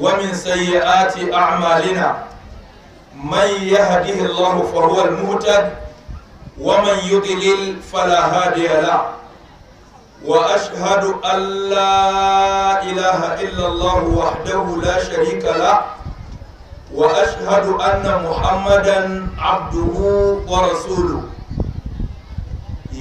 ومن سيئات أعمالنا من يهده الله فهو المهتد ومن يضلل فلا هادي له وأشهد أن لا إله إلا الله وحده لا شريك له وأشهد أن محمدا عبده ورسوله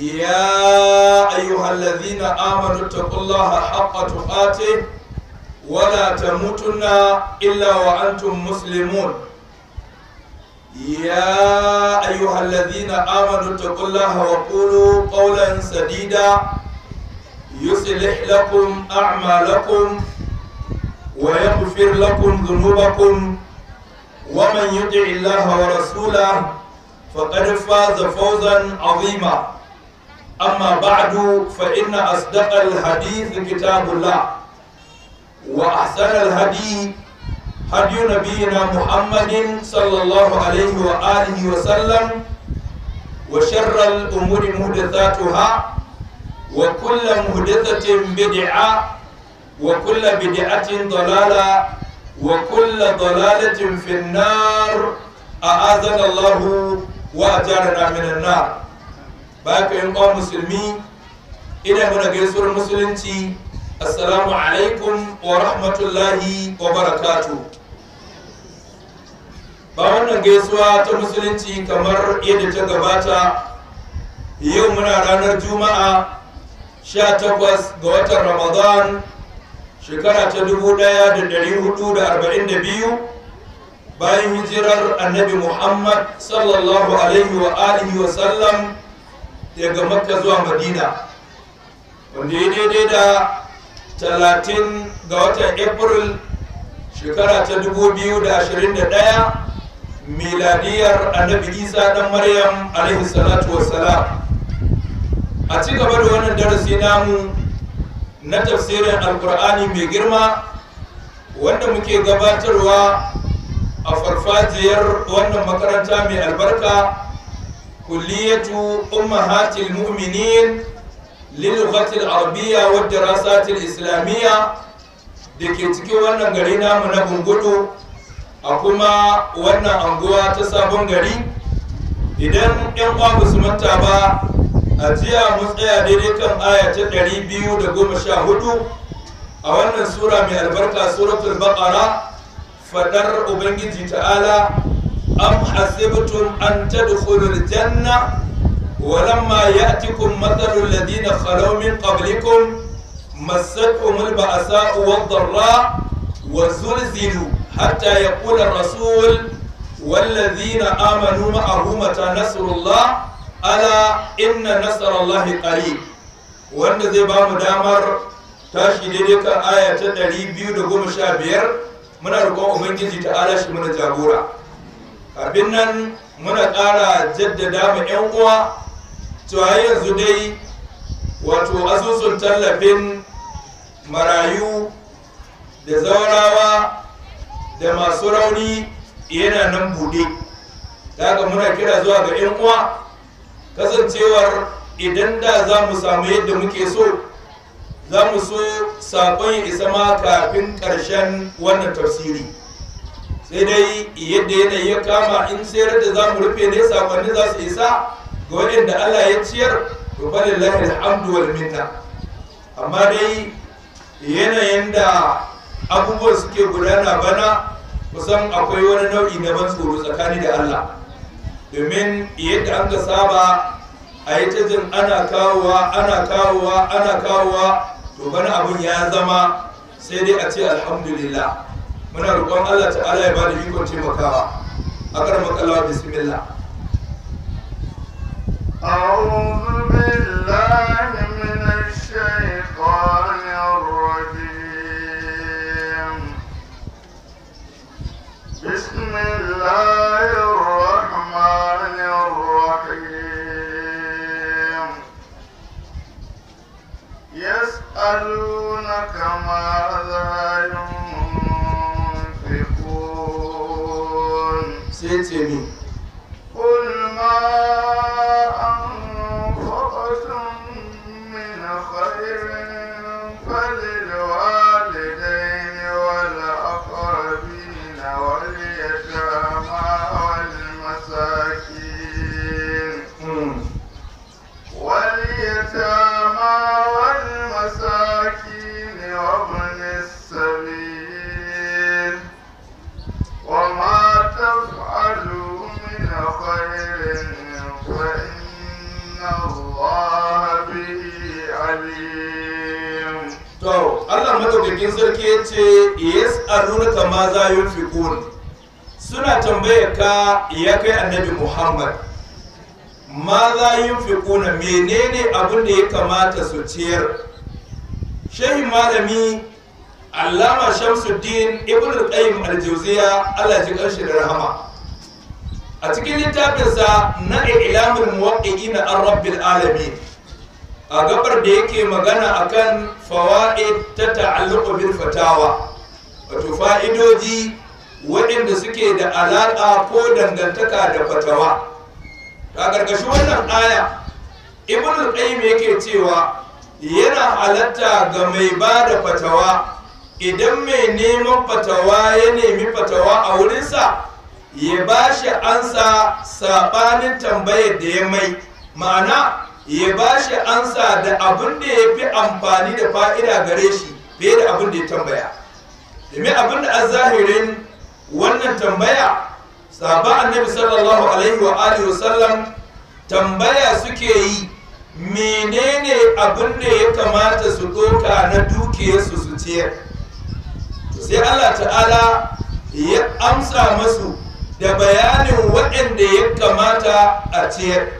يا أيها الذين آمنوا اتقوا الله حق تقاته ولا تموتن إلا وأنتم مسلمون يا أيها الذين آمنوا اتقوا الله وقولوا قولا سديدا يصلح لكم أعمالكم ويغفر لكم ذنوبكم ومن يطع الله ورسوله فقد فاز فوزا عظيما أما بعد فإن أصدق الحديث كتاب الله وأحسن الهدي هدي نبينا محمد صلى الله عليه وآله وسلم وشر الأمور محدثاتها وكل محدثة بدعة وكل بدعة ضلالة وكل ضلالة في النار أعاذنا الله وأجارنا من النار ba ka yin ɓan musulmi ina muna gaisuwar musulunci assalamu alaikum wa rahmatullahi wa barakatu ba wannan gaisuwa ta musulunci kamar yadda ta gabata yau muna ranar juma'a sha 18 ga watan ramadan shekara ta 1442 bayan hijirar annabi muhammad sallallahu alaihi wa alihi wa sallam daga makka zuwa madina wanda ya daidai da talatin ga watan april shekara ta 2021 miladiyar annabi isa dan maryam alaihi salatu wassalam a ci gaba da wannan darasi namu na tafsirin alkur'ani mai girma wanda muke gabatarwa a farfajiyar wannan makaranta mai albarka كلية أمهات المؤمنين للغة العربية والدراسات الإسلامية cikin wannan gari namu na bungudu a kuma wannan anguwa ta sabon gari idan yan uwa ba su manta ba a jiya mu tsaya daidai kan aya ta ɗari biyu da goma sha hudu, a wannan sura mai albarka suratul baqara faɗar ubangiji ta'ala أم حسبتم أن تدخلوا الجنة ولما يأتكم مثل الذين خلوا من قبلكم مستهم البأساء والضراء وزلزلوا حتى يقول الرسول والذين آمنوا معه متى نصر الله ألا إن نصر الله قريب وأن زي بام دامر tashi daidai kan aya ta 215 muna roƙon ubangiji ta ala shi mana jagora abin nan muna ƙara jaddada mu 'yan uwa cewa yanzu dai wato asusun tallafin marayu da zaurawa da masu rauni yana nan buɗe daga muna kira zuwa ga 'yan uwa kasancewar idan da za mu samu yadda muke so za mu so saƙon isa ma kafin ƙarshen wannan tafsiri sai dai yadda yanayi ya kama in sayar da za mu rufe ne sakonni za su isa ga waɗanda Allah ya ciyar to balin lahir wal minna amma dai yanayin da abubuwan suke gudana bana kusan akwai wani nau'i na ban tsoro tsakani da Allah domin yadda an ga saba a yi ta jin ana kawowa ana kawowa ana kawowa to bana abun ya zama sai dai a ce alhamdulillah muna roƙon Allah ta'ala ya bada ikon taimakawa a karamar kallon bismillah أعوذ بالله من الشيطان الرجيم بسم الله الرحمن الرحيم يسألونك ماذا saving ya ce yes arunaka ma za yi suna tambaya ka ya kai annabi muhammad ma za yi fikuna menene abin da ya kamata su ciyar shehin malami allama shamsuddin ibn al-qayyim al-jawziya Allah ji karshe da rahama a cikin littafinsa na ilamul muwaqqi'ina ar-rabbil alamin a gabar da yake magana akan fawaid ta ta'alluqu bil fatawa wato fa'idoji waɗanda suke da alaƙa ko dangantaka da fatawa a ƙarƙashin wannan aya ibn al yake cewa yana halatta ga mai ba da fatawa idan mai neman fatawa ya nemi fatawa a wurinsa ya ba shi ansa saɓanin tambayar da ya mai ma'ana ya ba shi ansa da abin da ya fi amfani da fa'ida gare shi fiye da abin da ya tambaya domin abin da an zahirin wannan tambaya sabon annabi sallallahu alaihi wa alihi wa sallam tambaya suke yi menene abin da ya kamata su ɗoka na dukiyarsu su ciyar sai Allah ta'ala ya amsa masu da bayanin waɗanda ya kamata a ciyar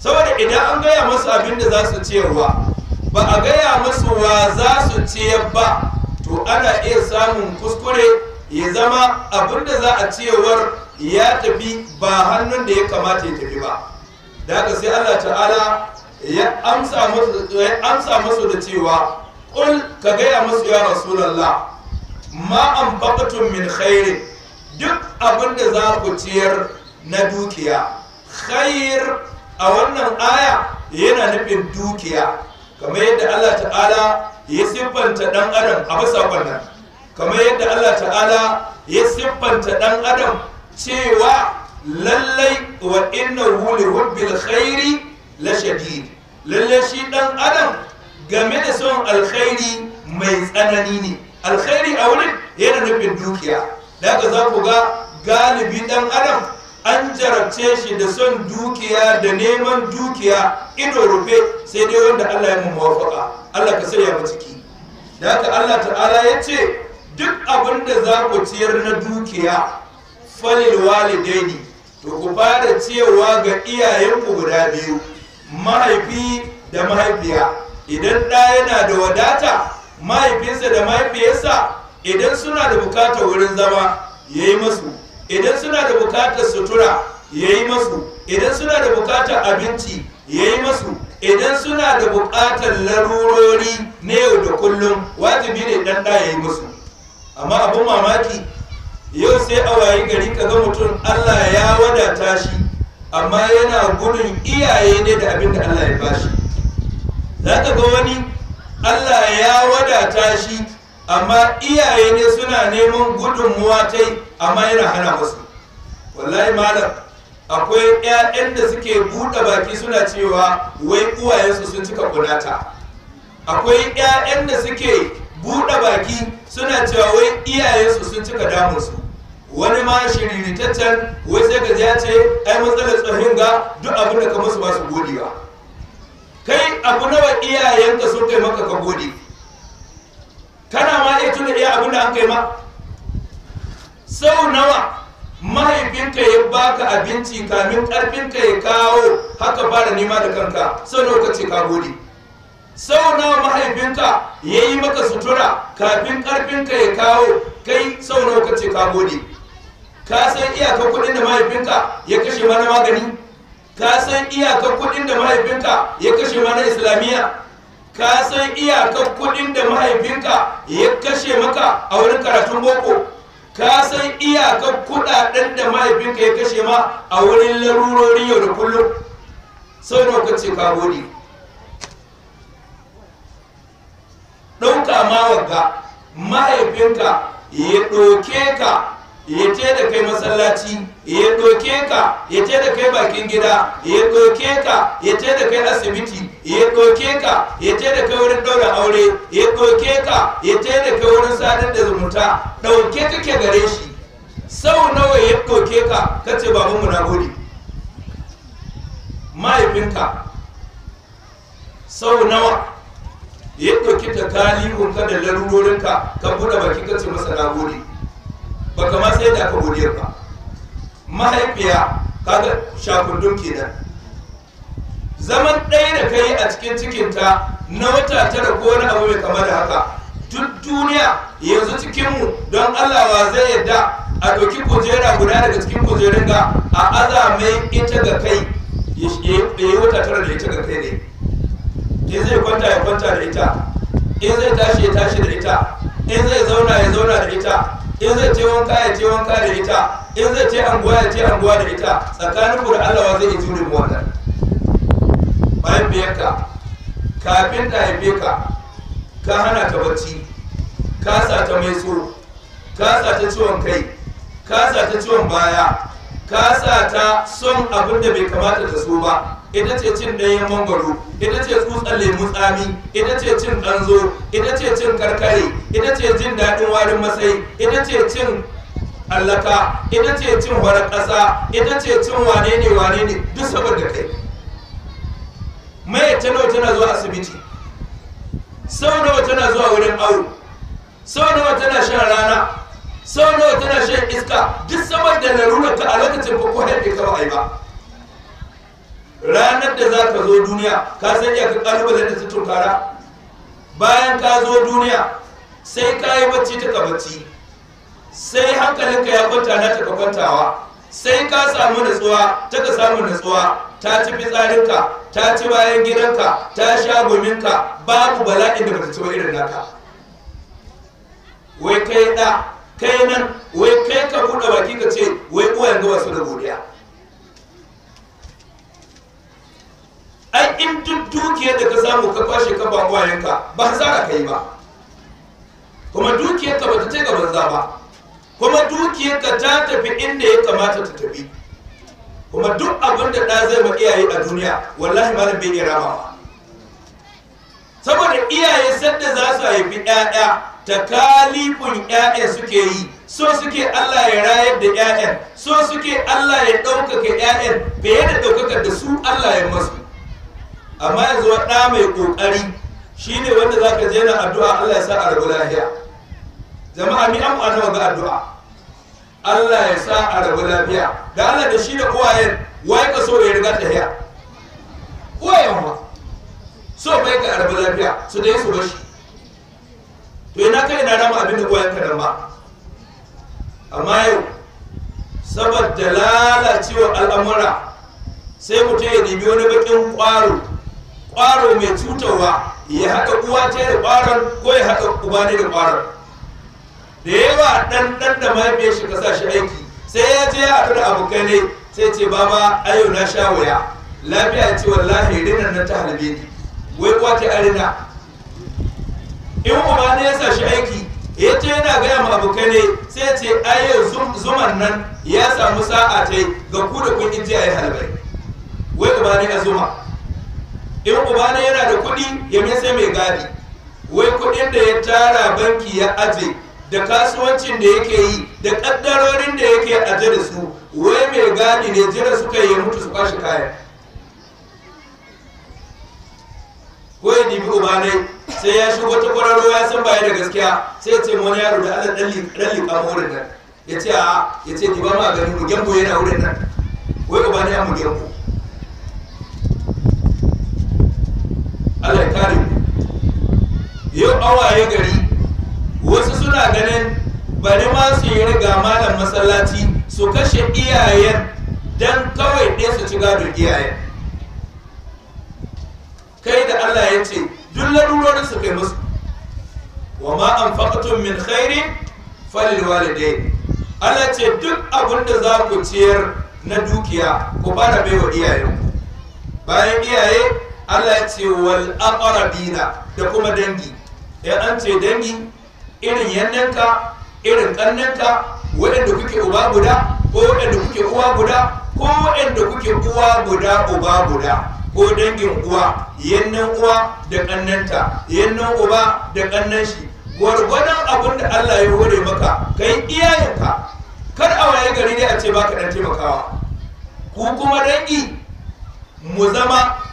saboda idan an gaya musu abin da za su ciyarwa ba a gaya musu wa za su ciyar ba to ana iya samun kuskure ya zama abin da za a ciyarwar ya tafi ba hannun da ya kamata ya tafi ba da haka sai Allah ta'ala ya amsa musu da cewa 'Kul ka gaya masu ya rasulallah ma an bakatun min khairin duk abin da za ku ciyar na dukiya khair a wannan aya yana nufin dukiya kamar yadda Allah ta'ala ya siffanta ɗan adam a bisa wannan kamar yadda Allah ta'ala ya siffanta ɗan adam cewa lallai wa innahu li hubbil khairi la shadid lallai shi ɗan adam game da son alkhairi mai tsanani ne alkhairi a wurin yana nufin dukiya daga za ku ga galibi ɗan adam an jarabce shi da son dukiya da neman dukiya ido rufe sai dai wanda Allah ya mu muwafaka Allah ka sanya mu ciki da haka Allah ta'ala ya ce duk abin da za ku ciyar na dukiya falil walidaini to ku fara cewa ga iyayenku guda biyu mahaifi da mahaifiya idan ɗa yana da wadata mahaifinsa da mahaifiyarsa idan suna da bukatar wurin zama ya yi masu idan suna da bukatar sutura ya yi masu idan suna da bukatar abinci ya yi masu idan suna da bukatar larurori na yau da kullum wajibi ne dan da ya yi masu amma abin mamaki yau sai a wayi gari ka ga mutum allah ya wadata shi amma yana gudun iyaye ne da abin da allah ya bashi za ka ga wani allah ya wadata shi amma iyaye ne suna neman gudunmuwa ta amma yana hana masu. wallahi malam akwai 'ya'yan da suke buɗe baki suna cewa wai uwayensu sun cika kunata akwai 'ya'yan da suke buɗe baki suna cewa wai iyayensu sun cika damunsu wani ma shiriritaccen wai sai ka ya ce ai matsalar tsohon ga duk abin da ka musu ba su gode ba kai abu nawa iyayenka sun kai maka ka gode kana ma iya tuna iya abin da an kai ma sau nawa mahaifinka ya baka abinci kamin karfinka ya kawo haka fara nema da kanka sau nawa kace ka gode sau nawa mahaifinka ya yi maka sutura kafin karfinka ya kawo kai sau nawa kace ka gode ka san iyakar kuɗin da mahaifinka ya kashe mana magani ka san iyakar kuɗin da mahaifinka ya kashe mana islamiyya ka san iyakar kuɗin da mahaifinka ya kashe maka a wurin karatun boko ka san iyakar kudaden da mahaifinka ya kashe ma a wurin larurori yau da kullum sau da kwace ka gode ɗauka ma wagga mahaifinka ya ɗauke ka ya ce da kai masallaci ya doke ka ya ce da kai bakin gida ya doke ka ya ce da kai asibiti ya doke ka ya ce da kai wurin ɗaura aure ya doke ka ya ce da kai wurin sadar da zumunta ɗauke kake gare shi sau nawa ya doke ka kace mu na gode mahaifinka sau nawa ya doke ta ka da larurorinka ka buɗe baki ka ce masa na gode ba kamar sai da aka godiyar ba mahaifiya kaga shakundun kenan zaman ɗaya da kai a cikin cikinta na wata tara ko wani abu mai kama da haka duk duniya yanzu cikinmu don allah wa zai yadda a ɗauki kujera guda daga cikin kujerun ga a aza mai ita ga kai ya yi wata tara da ita ga kai ne ya zai kwanta ya kwanta da ita in zai tashi ya tashi da ita in zai zauna ya zauna da ita in zai ce wanka ya ce wanka da ita in zai ce anguwa ya ce anguwa da ita tsakanin ku da Allah wa zai jure mu wannan bayan biyarka kafin ta haife ka ka hana ta bacci ka sa ta mai tsoro, ka sa ta ciwon kai ka sa ta ciwon baya ka sa ta son abin da bai kamata ta so ba ita ce cin ɗayan mangwaro ita ce tsutsar lemun tsami ita ce cin ɗanzo ita ce cin karkare ita ce jin daɗin warin masai ita ce cin allaka ita ce cin warar ƙasa ita ce cin wane ne wane ne duk saboda kai mai tana tana zuwa asibiti sau nawa tana zuwa wurin aure sau nawa tana shan rana sau nawa tana shan iska duk saboda larurar ta a lokacin ko ko haife ka ba ba ranar da za ka zo duniya ka san iya ka kalubar da su tunkara bayan ka zo duniya sai ka yi bacci ta ka bacci sai hankalinka ya kwanta na ta ka kwantawa sai ka samu natsuwa ta ka samu natsuwa ta ci fitsarinka ta ci bayan gidanka ta sha gominka babu bala'in da bata ci wani irin naka wai kai da kai nan wai kai ka buɗe baki ka ce wai uwayen gaba su da godiya ai in duk dukiyar da ka samu ka kwashe ka ban wayanka ba ka kai ba kuma dukiyar ka bata ce ga banza ba kuma dukiyar ka ta tafi inda ya kamata ta tafi kuma duk abin da ɗa zai ma iyaye a duniya wallahi malam bai iya rama saboda iyaye sanda za su haifi ƴaƴa takalifin ƴaƴan suke yi so suke Allah ya rayar da ƴaƴan so suke Allah ya ɗaukaka ƴaƴan fiye da ɗaukakar da su Allah ya masu amma yanzu wa ɗa mai ƙoƙari shi ne wanda za ka jera addu'a Allah ya sa a rabu lafiya jama'a mi an nawa ga addu'a Allah ya sa a rabu lafiya da Allah da shi da kowayen waye ka so ya riga tafiya uwayen ma so bai ka rabu lafiya su dai su bashi to yana kai na rama abin da uwayen ka rama amma yau saboda lalacewar al'amura sai mutum ya nemi wani bakin ƙwaro ƙwaro mai cutarwa ya haka uwa ce da ƙwaron ko ya haka uba ne da ƙwaron da yawa ɗan ɗan da mahaifiyar shi ka sa shi aiki sai ya je ya haɗu da abokai ne sai ce baba ayo na sha wuya lafiya ce wallahi rinan nan ta halbe ni wai uwa ce arina in uba ne ya sa shi aiki ya ce yana gaya ma abokai ne sai ce ayo zuman nan ya samu sa'a ta ga ku da kun ji a yi halbai wai uba ne ya zuma in ubana yana da kuɗi ya mai mai gadi wai kuɗin da ya tara banki ya aje da kasuwancin da yake yi da ƙaddarorin da yake aje da su wai mai gadi ne jira suka yi mutu su kwashe kaya ko ya dibi ubanai sai ya shigo ta kwararo ya san baya da gaskiya sai ya ce wani yaro da ala dalli kama wurin nan ya ce a ya ce diba ma gani mu gembo yana wurin nan wai ubanai mu gembo Allah kare yau awaye gari wasu suna ganin bari ma su yi riga malam masallaci su kashe iyayen dan kawai ɗaya su ci gado iyayen kai da Allah ya ce duk larurorin su kai musu wa ma anfaqtum min khairin falilwalidain Allah ce duk abin da za ku ciyar na dukiya ku fara baiwa ku. bayan iyaye Allah ya ce wal aqrabina da kuma dangi in an ce dangi irin yannanka irin kannanka waɗanda kuke uba guda ko waɗanda kuke uwa guda ko waɗanda kuke uwa guda uba guda ko dangin uwa yannan uwa da kannanta yannan uba da kannan shi gwargwadon abin da Allah ya hore maka kai iyayenka kar a waye gari ne a ce baka dan taimakawa ku kuma dangi mu zama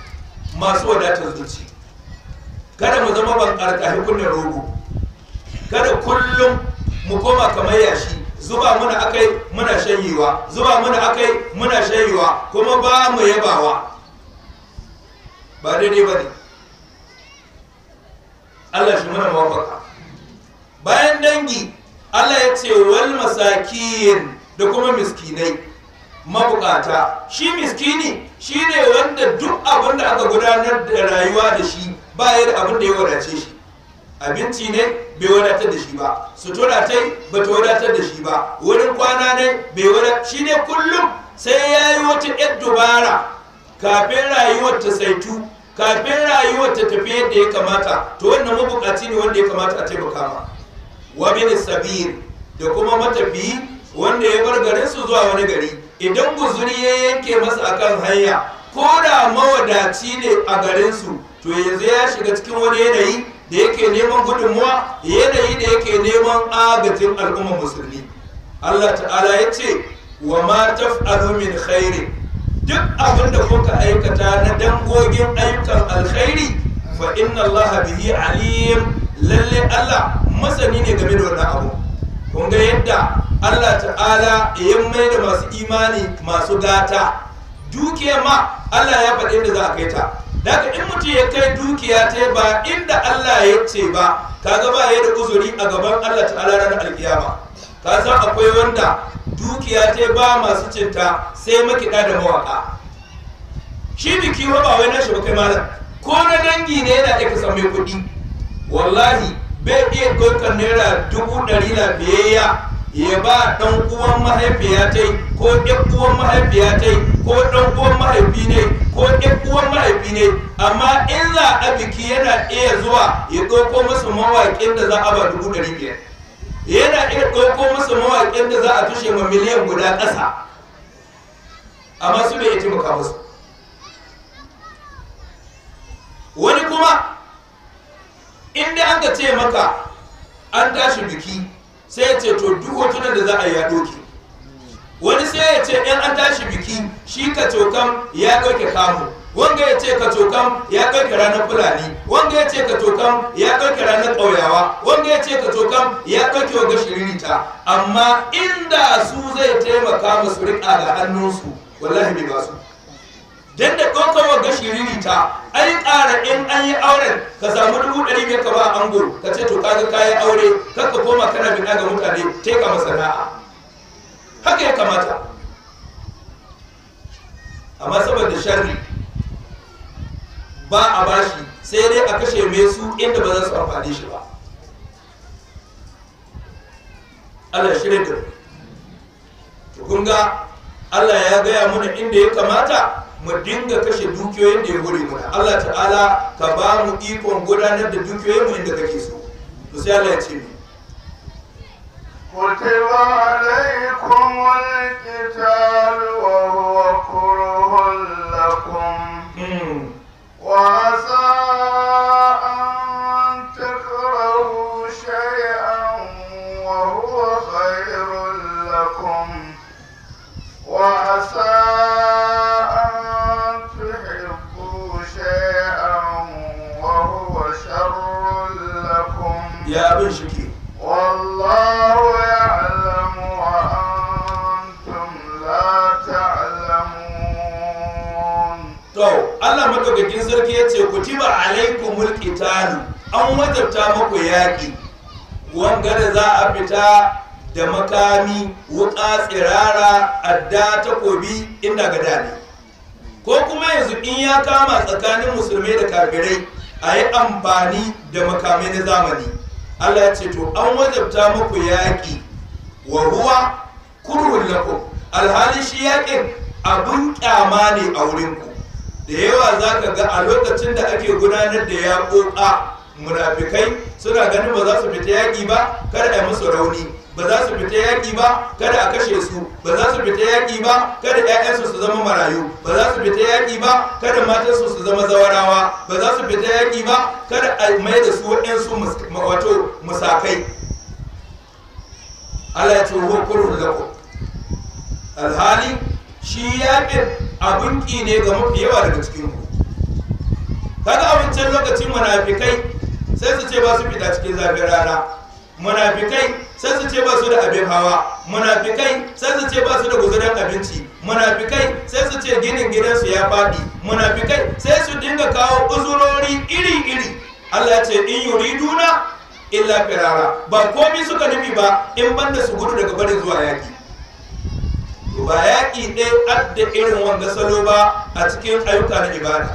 masu wadatar zuci kada mu zama ban karkashi kunnen rogo kada kullum mu koma kamar yashi zuba muna akai muna shanyewa zuba muna akai muna shanyewa kuma ba mu yabawa ba daidai ba ne Allah shi muna mawafaka bayan dangi Allah ya ce wal masakin da kuma miskinai mabukata shi miskini shi ne wanda duk abin da aka gudanar da rayuwa da shi ba yi da abin da ya wadace shi abinci ne bai wadatar da shi ba sutura ta ba ta wadatar da shi ba wurin kwana ne bai wadatar shi ne kullum sai ya yi wata yar dubara kafin rayuwar ta saitu kafin rayuwar ta tafi yadda ya kamata to wannan mabukaci ne wanda ya kamata a taimaka ma wa bin sabir da kuma matafiyi wanda ya bar garinsu zuwa wani gari idan guzuri ya yanke masa akan hanya ko da mawadaci ne a garinsu to yanzu ya shiga cikin wani yanayi da yake neman gudunmuwa yanayi da yake neman agajin al'umma musulmi Allah ta'ala ya ce wa ma taf'alu min khairi duk abin da kuka aikata na dangogin ayyukan alkhairi fa inna Allah bihi alim lalle Allah masani ne game da wannan abu kunga yadda Allah ta'ala ya mai da masu imani masu gata dukiya ma Allah ya faɗi inda za a kai ta daga in mutum ya kai dukiya ta ba inda Allah ya ce ba ta ba ya da uzuri a gaban Allah ta'ala na alkiyama ka san akwai wanda dukiya ta ba masu cinta sai makiɗa da mawaƙa shi biki ba wai na shi ba kai malam ko na dangi ne yana ɗaya ka mai kuɗi wallahi bai iya ɗaukar naira dubu ɗari biyayya ya ba ɗan uwan mahaifiya ta ko ɗan uwan mahaifiya ta ko ɗan uwan mahaifi ne ko ɗan uwan mahaifi ne amma in za a biki yana iya zuwa ya ɗauko musu mawaƙin da za a ba dubu ɗari biyar yana iya ɗauko musu mawaƙin da za a tushe ma miliyan guda ƙasa amma su bai iya taimaka musu wani kuma in dai aka ce maka an tashi biki sai ya ce to duk hotunan da za a ya doke wani sai ya ce 'yan an tashi biki shi ka cokan ya doke kamu wanga ya ce ka cokan ya ɗauke ranar fulani wanga ya ce ka cokan ya ɗauke ranar ƙauyawa wanga ya ce ka cokan ya ɗauke wa ta amma inda su zai taimaka musu riƙa da hannunsu wallahi bai ba su dan da wa ga shiriri ta ai ƙara in an yi auren ka samu dubu ɗari biyar ka ba ango ka ce to kaga kayan aure kar ka koma kana bina ga mutane teka masana'a haka ya kamata amma saboda sharri ba a bashi sai dai a kashe mai su inda ba za su amfani shi ba Allah shirin da kun ga Allah ya gaya mana inda ya kamata mu dinga kashe dukiyoyin da ya gure muna Allah ta'ala ka ba mu ikon gudanar da dukiyoyin mu inda kake so to sai Allah ya ce mu كتب عليكم القتال وهو كره لكم وعسى sarki ya ce kutiba ta qitalu an wajabta muku yaƙi wangare za a fita da makami wuka tsirara adda takobi inda ga dani ko kuma yanzu in ya kama tsakanin musulmai da kafirai a yi amfani da makami na zamani Allah ya ce to an wajabta muku yaƙi wa ruwa kurhun lakum alhalin shi yaƙin abun kyama ne a wurinku da yawa za ka ga a lokacin da ake gudanar da ya ƙoƙa munafikai suna ganin ba za su fita yaƙi ba kada a musu rauni ba za su fita yaƙi ba kada a kashe su ba za su fita yaƙi ba kada ƴaƴansu su zama marayu ba za su fita yaƙi ba kada matansu su zama zawarawa ba za su fita yaƙi ba kada a mai da su waɗansu wato musakai Allah ya ce hukurun lakum alhali shi ya yaƙin abin ƙi ne ga mafi yawa daga cikin ku kaga abincin lokacin munafikai sai su ce ba su fita cikin zafin rana munafikai sai su ce ba su da abin hawa munafikai sai su ce ba su da guzuran abinci munafikai sai su ce ginin gidansu ya faɗi munafikai sai su dinga kawo uzurori iri-iri Allah ce in in illa firara ba komi suka nufi ba in banda su gudu daga barin zuwa yaki ba yaƙi ɗaya adda irin wanda salo ba a cikin ayyuka na ibada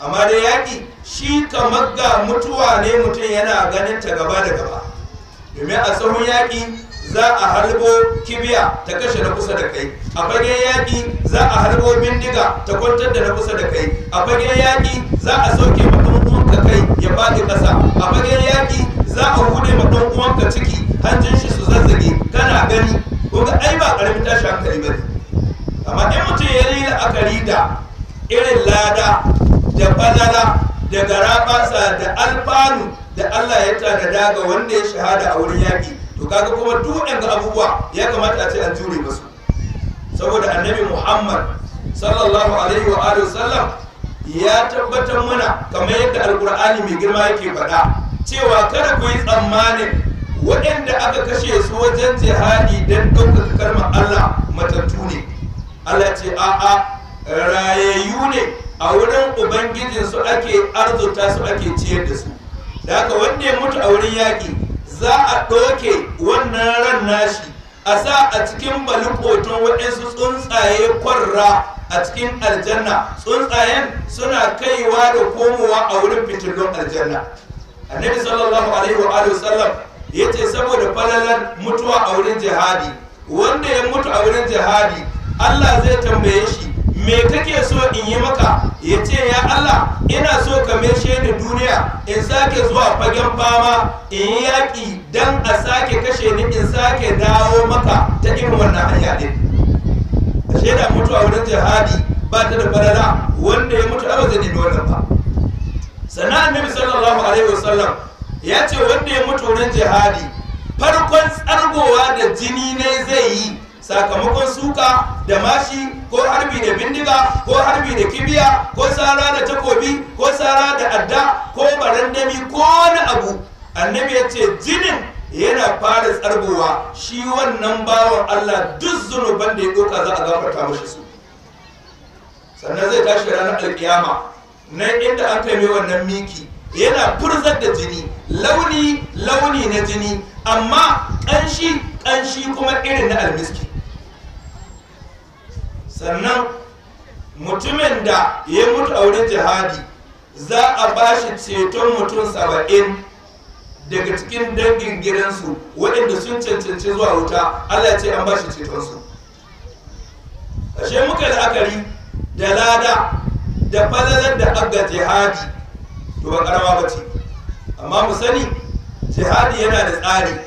amma dai yaƙi shi kamar ga mutuwa ne mutum yana ganin ta gaba da gaba domin a tsohon yaƙi za a harbo kibiya ta kashe na kusa da kai a fage yaƙi za a harbo bindiga ta kwantar da na kusa da kai a fage yaƙi za a sauke mutum kai ya faɗi ƙasa a fage yaƙi za a hude mutum ciki hanjin shi su zazzage kana gani kuma ai ba ƙaramin tashi hankali ba ne amma in mutum ya yi la'akari da irin lada da balala da garabasa da alfanu da Allah ya tanada ga wanda ya shahada a wurin yaƙi to kaga kuma duk ga abubuwa ya kamata a ce an jure masu saboda annabi Muhammad sallallahu alaihi wa alihi wasallam ya tabbatar mana kamar yadda alkur'ani mai girma yake faɗa cewa kada ku yi tsammanin waɗanda aka kashe su wajen jihadi don ɗaukaka kalmar Allah matattu ne Allah ce a'a rayayyu ne a wurin su ake arzuta su ake ciyar da su da haka wanda ya mutu a wurin yaƙi za a ɗauke wannan ran nashi a sa a cikin balikoton waɗansu tsuntsaye kwarra a cikin aljanna tsuntsayen suna kaiwa da komowa a wurin fitilun aljanna annabi sallallahu alaihi wa alihi wasallam yace saboda falalar mutuwa a wurin jihadi wanda ya mutu a wurin jihadi Allah zai tambaye shi me kake so in yi maka ya ce ya Allah ina so ka meshe ni duniya in sake zuwa fagen fama in yi yaƙi don a sake kashe ni in sake dawo maka ta irin wannan hanya ɗin shaida, mutu mutuwa wurin jihadi ba ta da farara wanda ya mutu ba zai nemi wannan ba sannan annabi sallallahu alaihi wasallam ya ce wanda ya mutu wurin jihadi farkon tsargowa da jini ne zai yi sakamakon suka da mashi ko harbi da bindiga ko harbi da kibiya ko tsara da takobi ko tsara da adda ko barandami ko wani abu annabi ya ce jinin yana fara tsarbowa shi wannan bawan allah duk zunuban da ya doka za a gafarta mashi su sannan zai tashi ranar alkiyama na inda an kai wannan miki yana furzar da jini launi launi na jini amma ƙanshi ƙanshi kuma irin na almiski sannan mutumin da ya mutu a wurin jihadi za a ba shi ceton mutum saba'in daga cikin dangin gidansu waɗanda sun cancanci zuwa wuta allah ce an ba shi cetonsu ashe muka la'akari da lada da falalar da abga jihadi to ba karama ba ce amma mu sani jihadi yana da tsari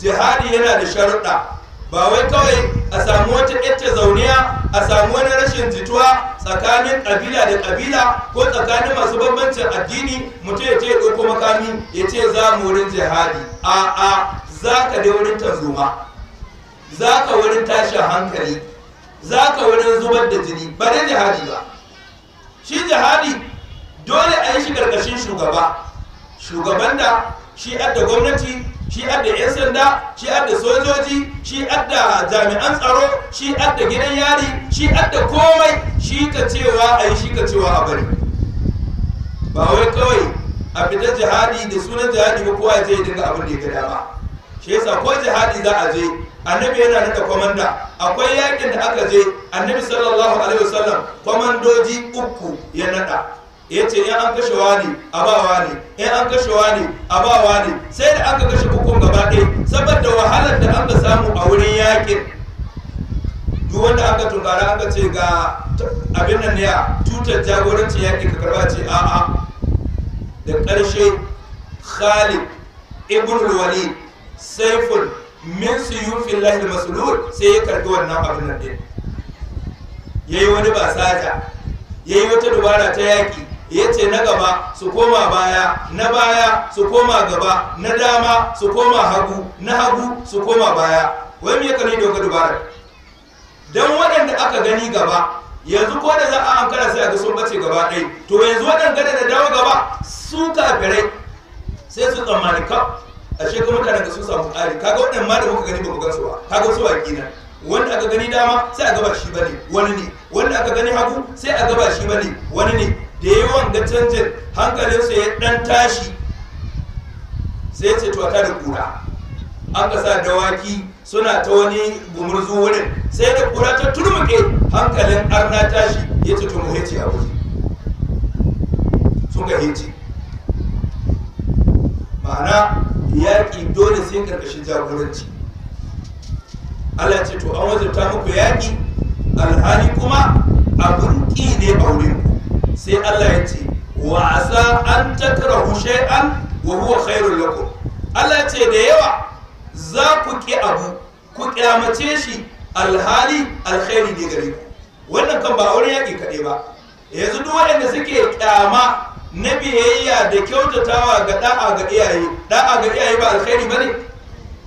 jihadi yana da sharuɗa ba wai kawai a samu wata ƙyacce zauniya a samu wani rashin jituwa tsakanin ƙabila da ƙabila ko tsakanin masu bambancin addini mutum ya ce ya ɗauko makami ya ce za mu wurin jihadi a'a za ka dai wurin tanzoma za ka wurin tashin hankali za ka wurin zubar da jini ba dai jihadi ba shi jihadi dole a yi shi ƙarƙashin shugaba shugaban da shi adda gwamnati shi adda 'yan sanda shi adda sojoji shi adda jami'an tsaro shi adda gidan yari shi adda komai shi ka cewa a yi shi ka cewa a bari ba wai kawai a fita jihadi da sunan jihadi ba kowa ya dinga abin da ya gada ba shi yasa ko jihadi za a je annabi yana da komanda akwai yakin da aka je annabi sallallahu alaihi wasallam komandoji uku ya nada ya ce in an kashe wani a ba wani in an kashe wani a ba wani sai da aka kashe hukun gaba ɗaya saboda wahalar da aka samu a wurin yakin duk wanda aka tunkara aka ce ga abin nan ya tutar jagorancin yaƙi ka karba ce a'a da ƙarshe khalid ibn Wali, saiful min su suyufin lahil masulul sai ya karbi wannan abin nan ɗin ya yi wani basaja ya yi wata dubara ta yaƙi ya ce na gaba su koma baya na baya su koma gaba na dama su koma hagu na hagu su koma baya wai me kana doka dubara dan waɗanda aka gani gaba yanzu ko da za a ankara sai a ga sun bace gaba ɗaya to yanzu waɗanda da dawo gaba su kafirai sai su tsammani ka ashe kuma mutanen da su samu ƙari kaga waɗannan ma da muka gani ba mu gansu ba kaga su a na wanda aka gani dama sai a gaba shi bane wani ne wanda aka gani hagu sai a gaba shi bane wani ne da ya wanda canjin hankalinsa ya dan tashi sai ce to ta kura an ka sa dawaki suna ta wani gumurzu wurin sai da kura ta turmuke hankalin arna tashi ya ce to mu hece a wuri. sun ga hece ma'ana yaƙi dole sai ƙarƙashin jagoranci Allah ce to an wajen ta muku yaƙi alhali kuma abin ƙi ne a wurin ku sai Allah ya ce wa asa an takrahu shay'an wa huwa khairul lakum Allah ya ce da yawa za ku ki abu ku kyamace shi alhali alkhairi ne gare ku wannan kan ba wani yaƙi kaɗai ba yanzu duk waɗanda suke kyama na biyayya da kyautatawa ga da'a ga iyaye da'a ga iyaye ba alkhairi bane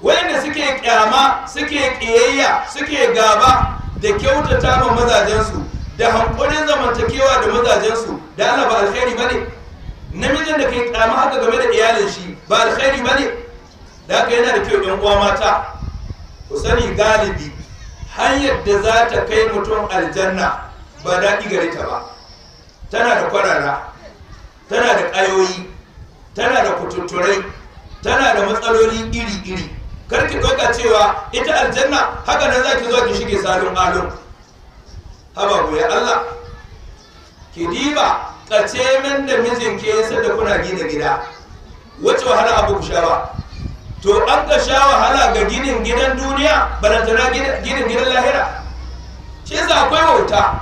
waɗanda suke kyama suke kiyayya suke gaba da kyautata ma mazajensu da hankulin zamantakewa da mazajensu da ana ba alkhairi ba ne namijin da ke kama haka game da iyalin shi ba alkhairi ba ne da haka yana da kyau yan uwa mata ku sani galibi hanyar da za ta kai mutum aljanna ba daɗi gare ta ba tana da kwarara tana da ƙayoyi tana da kututturai tana da matsaloli iri-iri karki ɗauka cewa ita aljanna haka nan za ki zo ki shige salon alon haba goya Allah ki diba kace min da mijin ke yasa da kuna gina gida wace wahala abu ku sha ba to an ka sha wahala ga ginin gidan duniya balantana ginin gidan lahira ce za akwai wauta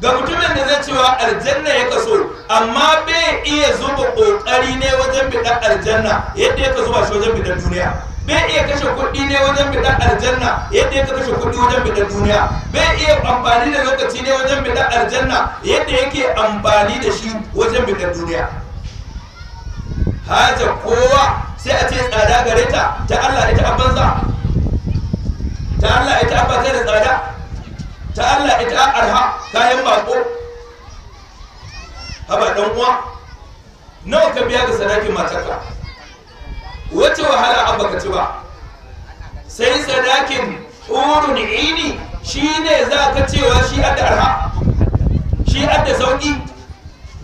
ga mutumin da zai cewa aljanna ya kaso amma bai iya zuba kokari ne wajen bidan aljanna yadda ya kaso ba shi wajen bidan duniya bai iya kashe kuɗi ne wajen fitar aljanna yadda yake kashe kuɗi wajen fitar duniya bai iya amfani da lokaci ne wajen fitar aljanna yadda yake amfani da shi wajen fitar duniya haja kowa sai a ce tsada gare ta ta Allah ita abanza ta Allah ita abanza da tsada ta Allah ita arha kayan bako haba dan uwa nawa ka biya ga sadakin matarka wace wahala abba ka ci ba sai sadakin urun ini shi ne za ka cewa shi adda arha shi adda sauƙi.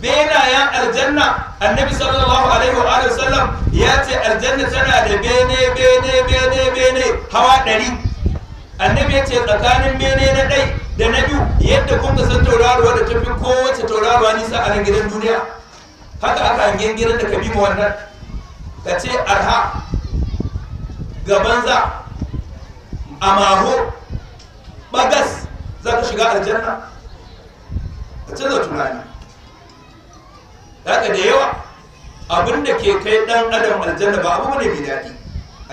benayen aljanna annabi sallallahu alaihi wa ya ce aljanna tana da bene bene bene bene hawa ɗari annabi ya ce tsakanin bene na ɗai da na biyu yadda kun san tauraruwa da tafi kowace tauraruwa nisa a nan gidan duniya haka aka hangen gidan da ka bi wannan ka ce arha ga banza a maho bagas za ka shiga aljanna ka canza tunani daga da yawa abin da ke kai dan adam aljanna ba abu ne mai daɗi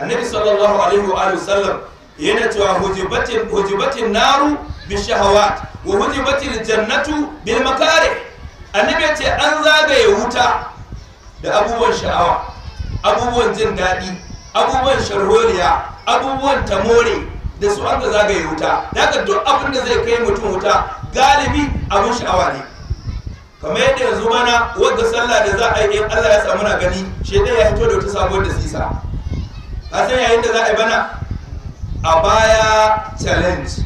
annabi sallallahu alaihi wa sallam yana cewa hujibatin hujibatin naru bi shahawat wa hujibatil jannatu bil makare annabi ya ce an zagaye wuta da abubuwan sha'awa abubuwan jin daɗi abubuwan sharholiya abubuwan tamore da su an zagaye wuta daga duk abin da zai kai mutum wuta galibi abin sha'awa ne kamar yadda yanzu mana wadda sallah da za a yi in allah ya samu na gani shaidan ya fito da wata sabuwar da sisa a san yayin da za a yi bana a baya challenge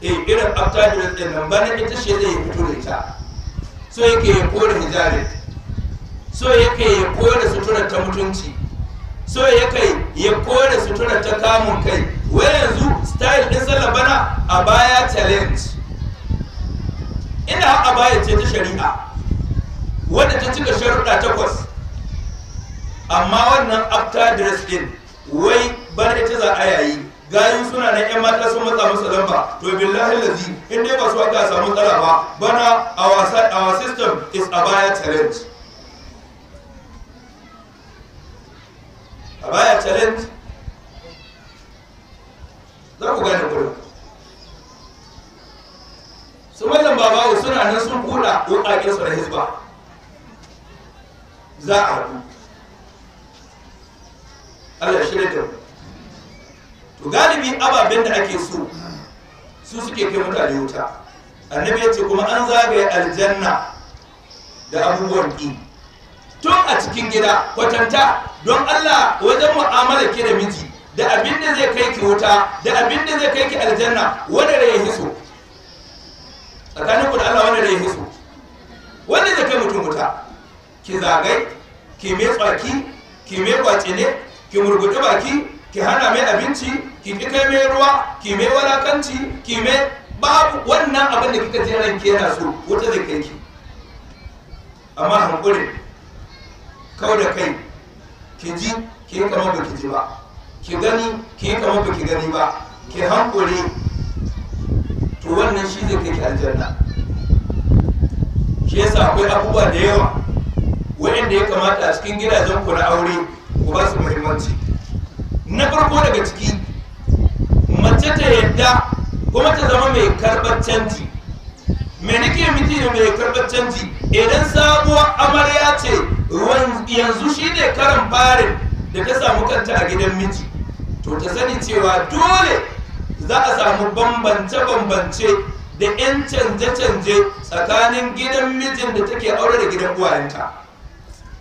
eh irin after the nan bana ita shaidan ya fito da ita so yake ya kore hijabi so yake ya kore suturar ta mutunci so yake ya kore suturar ta kamun kai wai yanzu style din sallah bana a baya challenge ina a baya ce ta shari'a wadda ta cika sharuɗa takwas amma wannan after dress din wai ba ta za a yayi gayu suna na yan mata sun matsa musu lamba to billahi lazi in dai ba su aka samu tsara ba bana our system is a baya challenge baya challenge za ku gane gurin su wannan babawo suna nan sun ko dokakin su na hizba za a ku Allah shi da to galibi ababen da ake so su suke kai mutane wuta annabi ya ce kuma an zagaye aljanna da abubuwan ƙi tun a cikin gida kwatanta don Allah wajen mu'amala ke da miji da abin da zai kai ki wuta da abin da zai kai ki aljanna wanda da ya hiso tsakanin ku da Allah wanda da ya hiso wanda zai kai mutum wuta ki zagai ki mai tsaki ki mai ne, ki murgudu baki ki hana mai abinci ki ki kai mai ruwa ki mai walakanci ki mai babu wannan abin da kika je ranke yana so wuta zai kai ki amma hankulin kau da kai ki ji ke yi kamar baki ji ba ki gani ke yi ba baki gani ba ki hankuri to wannan shi zai kai ki aljanna shi yasa akwai abubuwa da yawa waɗanda ya kamata a cikin gidajen ku na aure ku ba su muhimmanci na farko daga ciki mace ta yadda kuma ta zama mai karɓar canji me nake miji mai karɓar canji idan sabuwar amarya ce Ruwan yanzu shi ne karan farin da ta samu kanta a gidan miji to ta sani cewa dole za a samu bambance-bambance da 'yan canje-canje tsakanin gidan mijin da take aure da gidan uwayenta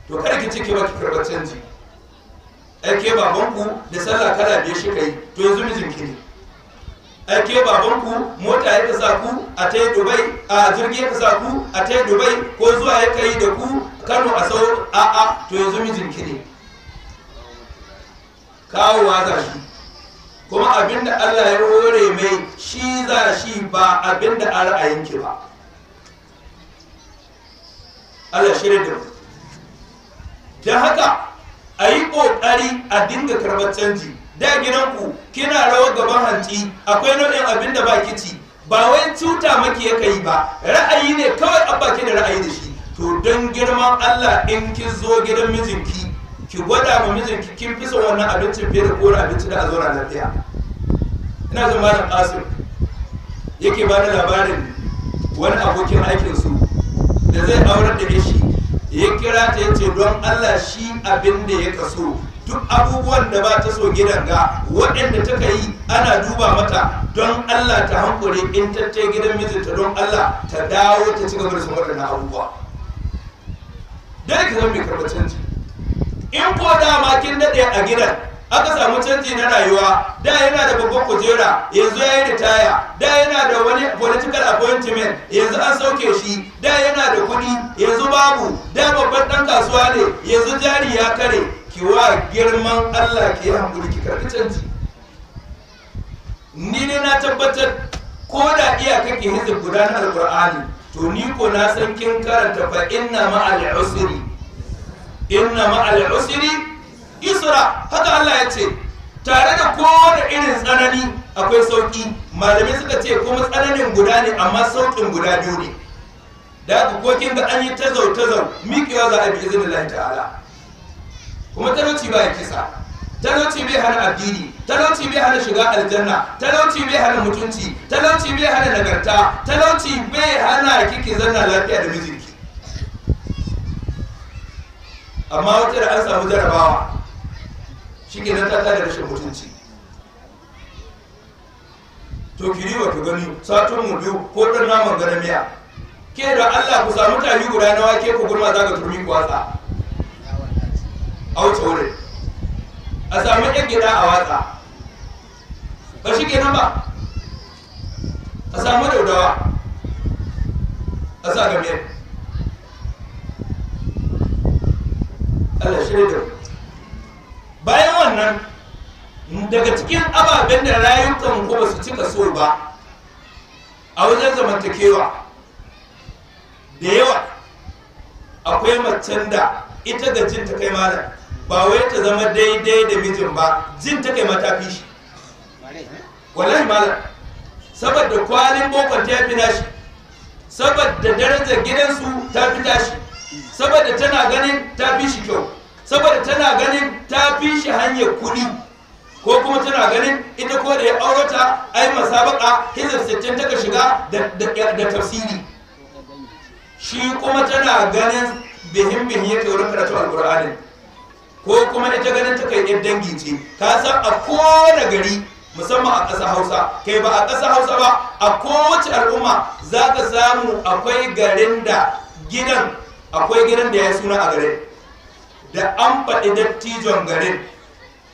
to kada ki ciki ba ki karɓar canji ake babanku da sallah kala biyar shi kai to yanzu mijinki ne ake babanku mota ya sa ku a ta dubai a jirgi ya sa ku a ta dubai ko zuwa ya kai da ku kano a sau a a to yanzu mijin ki ne kawo za shi kuma abinda Allah ya hore mai shi za shi ba abinda a ra'ayinki ba Allah shirya da mu haka a yi ƙoƙari a dinga karɓar canji da gidanku kina rawar gaban hanci akwai nau'in abin da baki ci ba wai cuta maki ya yi ba ra'ayi ne kawai an da ra'ayi da shi to don girman Allah in ki zo gidan mijinki ki gwada ma mijinki kin fi son wannan abincin fiye da kowane abinci da a zo ranar ɗaya ina zama da kasir yake ba da labarin wani abokin aikinsu da zai aurar da shi ya kira ta yace don Allah shi abin da ya kaso duk abubuwan da ba ta so gidan ga waɗanda ta ka yi ana duba mata don Allah ta hankure in ta ta gidan mijinta don Allah ta dawo ta ci gaba da su waɗannan abubuwa dai ka zama mai karɓar canji in ko da makin daɗe a gidan aka samu canji na rayuwa da yana da babban kujera yanzu ya yi ritaya da yana da wani political appointment yanzu an sauke shi da yana da kuɗi yanzu babu da babban ɗan kasuwa ne yanzu jari ya kare wa girman Allah ke yi hankuri ki karɓi canji ni ne na tabbatar ko da iya kake hizib guda na alƙur'ani to ni ko na san kin karanta fa inna ma al inna ma al-usri isra haka Allah ya ce tare da da irin tsanani akwai sauƙi, malamai suka ce kuma tsananin guda ne amma sauƙin guda biyu ne da ko kin ga an yi tazau tazau miƙewa za a bi izinin Allah ta'ala kuma talauci ba ya kisa talauci bai hana addini talauci bai hana shiga aljanna talauci bai hana mutunci talauci bai hana nagarta talauci bai hana kike zanna lafiya da mijinki amma wata da an samu jarabawa shi ke nan ta da rashin mutunci to ki riba ki gani satun mu biyu ko ɗan naman garamiya ke da Allah ku samu tafi guda na wake ku gurma za ka turmi kwatsa a wuce wurin a samu yan gida a watsa ba shi ke nan ba a samu daudawa a sa gamiyar Allah shirya bayan wannan daga cikin ababen da rayukan ku ba su cika so ba a wajen zamantakewa da yawa akwai macen da ita gajinta kai malam ba wai ta zama daidai da mijin ba jin ta kai mata fi shi wallahi malam saboda kwalin bokon ta fi nashi saboda darajar gidansu ta fi tashi saboda tana ganin ta fi shi kyau saboda tana ganin ta fi shi hanyar kuɗi ko kuma tana ganin ita ko da ya aurata ai masabaka hizar sittin ka shiga da tafsiri shi kuma tana ganin bihin bihin ya taurin karatu alƙur'anin ko kuma ita ganin ta kai yar dangi ka san a kowane gari musamman a ƙasa hausa kai ba a ƙasa hausa ba a kowace al'umma za ka samu akwai garin da gidan akwai gidan da ya suna a garin da an faɗi dattijon garin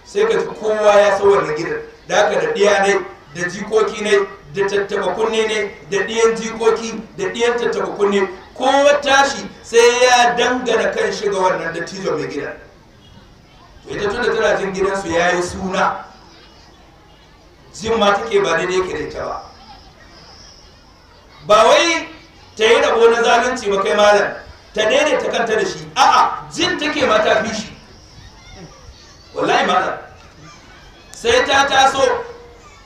sai ka ji kowa ya san wannan gidan da ka da ɗiya ne da jikoki ne da tattaba kunne ne da ɗiyan jikoki da ɗiyan tattaba kunne kowa tashi sai ya dangana kan shiga wannan dattijon mai gidan ita tun da tana jin gidansu ya yi suna jin ma take ba daidai ke da ita ba ba wai ta yi rabo na zalunci ba kai malam ta daidaita kanta da shi a'a jin take ma ta fi shi wallahi malam sai ta taso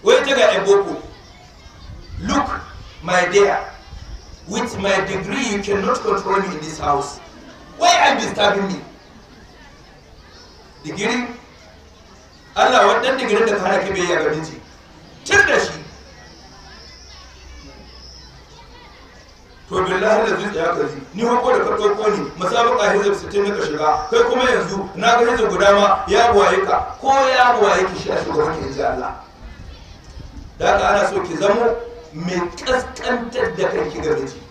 wai ta ga boko look my dear with my degree you cannot control me in this house why i'm disturbing me digiri Allah wannan digirin da fara kibe ya gani ce cir da shi to billahi da zuciya ka ji ni hako da farko ko ni musabaka hizab 60 ka shiga kai kuma yanzu na ga hizab guda ma ya buwaye ka ko ya buwaye ki shi a shugaban ki ji Allah da ka ana so ki zamo mai kaskantar da kanki ga gaji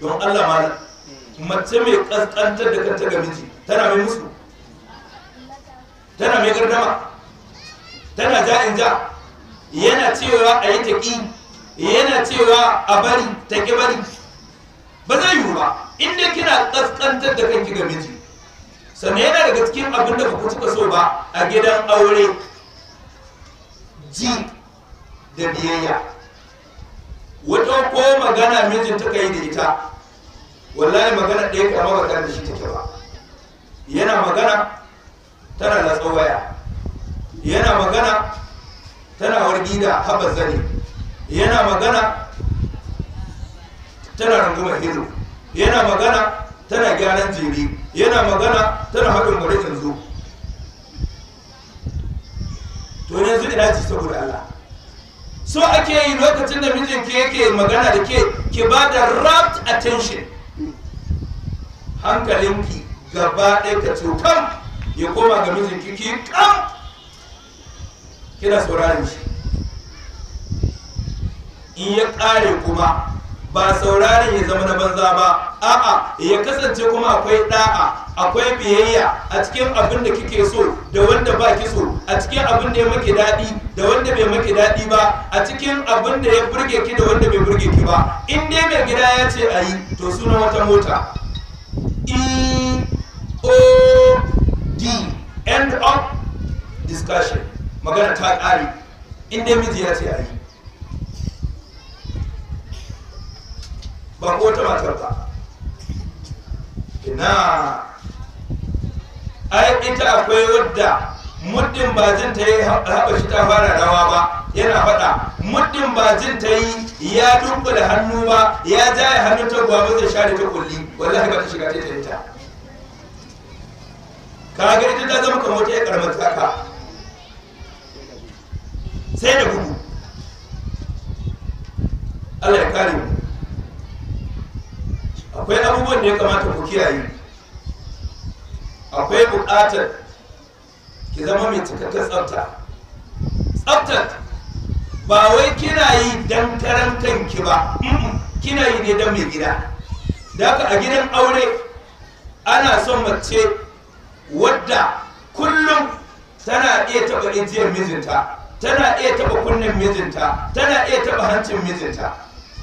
don Allah ma mace mai kaskantar da kanta ga miji tana mai musu tana mai gardama tana ja ja yana cewa a yi taƙi yana cewa a bari taƙi bari ba zai yiwu ba inda kina ƙasƙantar da kanki ga miji sannan yana daga cikin abin da ku cika so ba a gidan aure ji da biyayya wata ko magana mijin ta kai da ita wallahi magana ɗaya kama ba da shi take ba yana magana tana da tsawaya yana magana tana wargi da haɓar zane yana magana tana rungumar hizo yana magana tana gyaran jiri yana magana tana haɗin gwarikin zo to yanzu ina ci saboda Allah so ake yi lokacin da mijinki yake magana da ke ke ba da rapt attention hankalinki gaba ɗaya ta cutar ya koma ga mijin kiki kam kina sauraron shi in ya ƙare kuma ba sauraron ya zama na banza ba a'a ya kasance kuma akwai ɗa'a, akwai biyayya a cikin abin da kike so da wanda ba ki so a cikin abin da ya maki daɗi da wanda bai maki daɗi ba a cikin abin da ya burge ki da wanda bai burge ki ba in dai mai gida ya ce a yi to suna wata mota e, OD end of discussion magana ta ƙare in dai miji ya ce a yi ba ko wata matar ba ina ai ita akwai wadda muddin bajin ta yi haɓa shi ta fara rawa ba yana faɗa muddin bajin ta yi ya da hannu ba ya jaya hannun ta gwamnati share ta kulli wallahi ba ta shiga ta yi ta kaga ita ta zama kamar wata karamar tsaka sai da gudu Allah ya kare mu akwai abubuwan da ya kamata ku kiyaye akwai buƙatar ki zama mai cikakken tsafta tsaftar ba wai kina yi don karantan ki ba kina yi ne don mai gida da ka a gidan aure ana son mace wadda kullum tana iya taɓa ijiyar mijinta tana iya taɓa kunnen mijinta tana iya taɓa hancin mijinta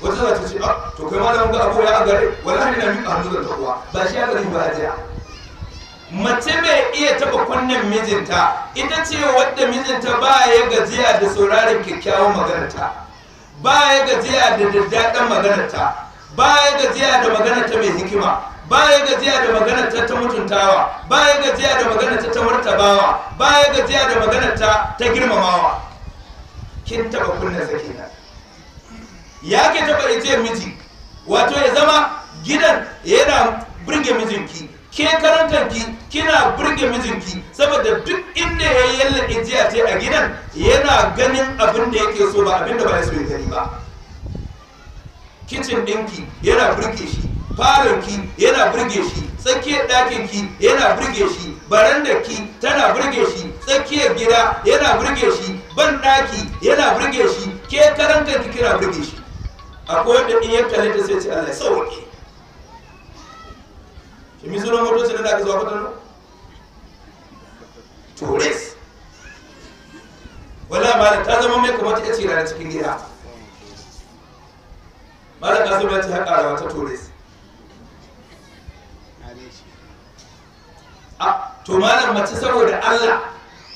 wata za ta ce a ah, to kai ma zan ga abu ya gare wallahi na miƙa hannu da takuwa ba shi ya gari ba jiya. mace mai iya taɓa kunnen mijinta ita ce wadda mijinta ba ya gajiya da sauraron kyakkyawan maganarta ba ya gajiya da daddaɗan maganarta ba ya gajiya da maganarta mai hikima baya gajiya da magana ta ta mutuntawa baya gajiya da magana ta ta martabawa baya gajiya da magana ta ta girmamawa kin taba kunna zakina ya ke taba ije miji wato ya zama gidan yana burge mijinki ke karantarki kina burge mijinki saboda duk inda ya yalla ijiya ce a gidan yana ganin abin da yake so ba abin da ba ya so ya gani ba kicin ɗinki yana burge shi faranki yana burge shi tsakiyar ɗakin ki yana burge shi barandar ki tana burge shi tsakiyar gida yana burge shi ban ɗaki yana burge shi ke karan ki kina burge shi akwai wanda in ya kalle ta sai ce Allah ya sauke ki mi zuwa motoci da zaka zuwa kwatano tores wala malam ta zama mai kamata ta ce na cikin gida malam kasu ba ta haƙa rawa ta tores a to malam mace saboda Allah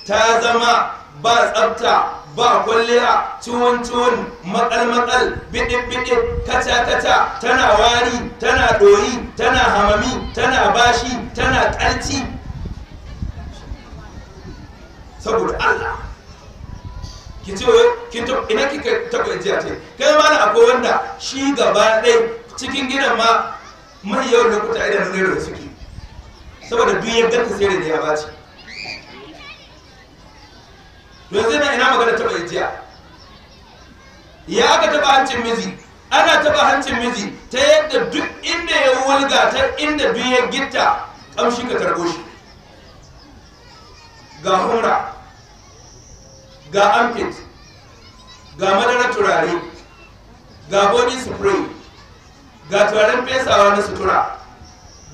ta zama ba tsafta ba kwalliya ciwon ciwon makal makal bidin bidin kaca kaca tana wari tana doyi tana hamami tana bashi tana karci saboda Allah ki ce ki to ina kika taba jiya ce kai ma akwai wanda shi gaba ɗaya cikin gidan ma mai yau lokuta idan zai suke saboda duk ya garka sai da ya bace yanzu na ina magana taba jiya ya aka taba hancin miji ana taba hancin miji ta yadda duk inda ya wulga ta inda duk ya gitta kamshi ka tarbo shi ga hura ga amfit ga madarar turare ga body spray ga turaren fesawa na sutura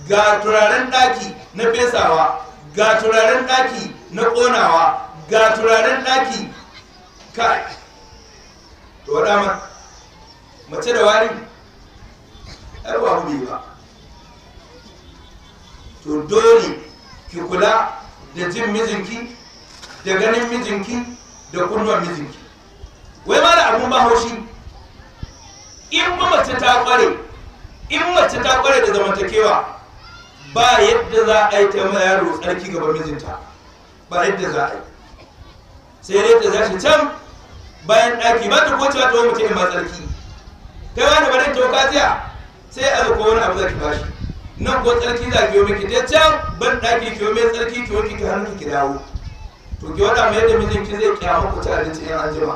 ga turaren ɗaki na fesawa ga turaren ɗaki na ƙonawa ga turaren ɗaki kai to waɗa mace da wari yar ba bai ba to dole ki kula da jin mijinki da ganin mijinki da kunnuwan mijinki wai ma da abun ba haushi in mace ta kware in mace ta kware da zamantakewa ba yadda za a yi ta mana yaro tsarki gaban mijinta ba yadda za a yi sai dai ta zashi can bayan ɗaki ba ta kocewa ta wani mutum ba tsarki kai wani barin ta wuka tsaya sai a zuko wani abu za ki bashi nan ko tsarki za ki yi miki ta can ban ɗaki ki yi mai tsarki ki wanki ki hannu ki dawo to ki wada mai yadda mijinki zai kyama ku ta abinci in an jima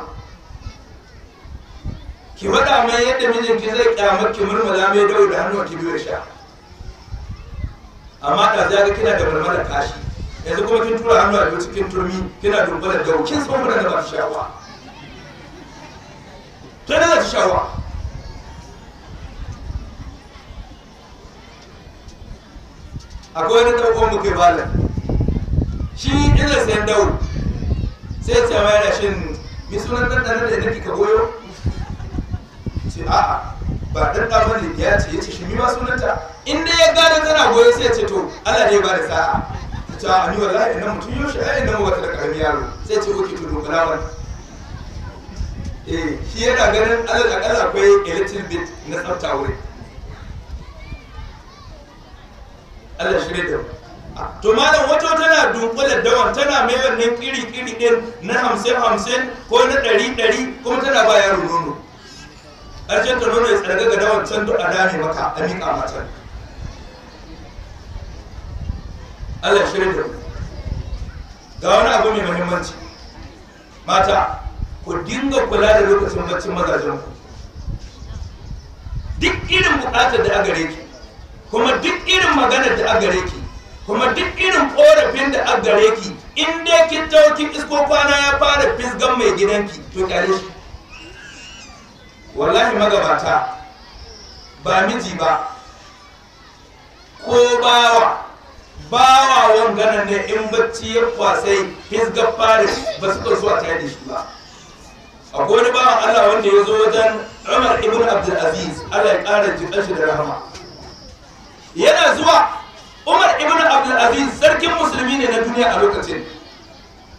ki wada mai yadda mijinki zai kyama ki murmula mai dawo da hannu ki biyo sha amma da za ga kina da marmarar tashi yanzu kuma kin tura hannu a cikin turmi kina dumbalar da kin san waɗanda ba su shawa to na za shawa akwai wani ɗauko mu kai balan shi ina sayan dawo sai ya ce ma yana shin mi sunan dan dan da nake ka goyo sai a'a ba ɗan dan bane ya ce ya ce shi mi ma sunanta in dai ya gane tana goyo sai ya ce to Allah ne ya bada sa'a ta ce a ni wallahi inna mutum yoshi ai inna nama wata da karami yaro sai ce oke to dokala man eh shi yana ganin Allah da Allah akwai a bit na tsafta wuri Allah shi ne da ah, to malam wato tana dunkula dawan tana mai wannan kiri kiri din na hamsin hamsin ko na ɗari ɗari kuma tana ba yaro nono ƙarshen ta nono ya tsarga ga dawan can duk a dane maka a miƙa matan Allah shirin da ga wani abu mai muhimmanci mata ku dinga kula da lokacin baccin mazajen ku duk irin bukatar da gare ki kuma duk irin maganar da gare ki kuma duk irin korafin da gare ki in dai kin tawo kin isko kwana ya fara fisgan mai gidanki to kyale shi wallahi magabata ba miji ba ko bawa bawa wanganan ne in bacci ya kwasai hisga Paris ba su zuwa tare da shi ba akwai wani bawan Allah wanda ya zo wajen Umar ibn Abdul Aziz Allah ya ƙara jikan shi da rahama yana zuwa Umar ibn Abdul Aziz sarkin musulmi ne na duniya a lokacin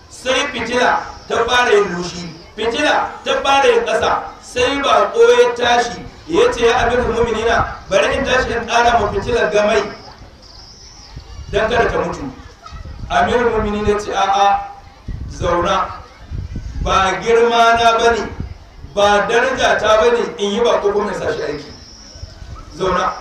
sai fitila ta fara yin lushi fitila ta fara yin ƙasa sai ba ya tashi ya ce ya abin muminina bari in tashi in ƙara ma fitilar gamai don kada ta mutu amirul mumini ne ce a'a zauna ba girma na ba ne. ba daraja ta ne in yi ba ko kuma sashi aiki zauna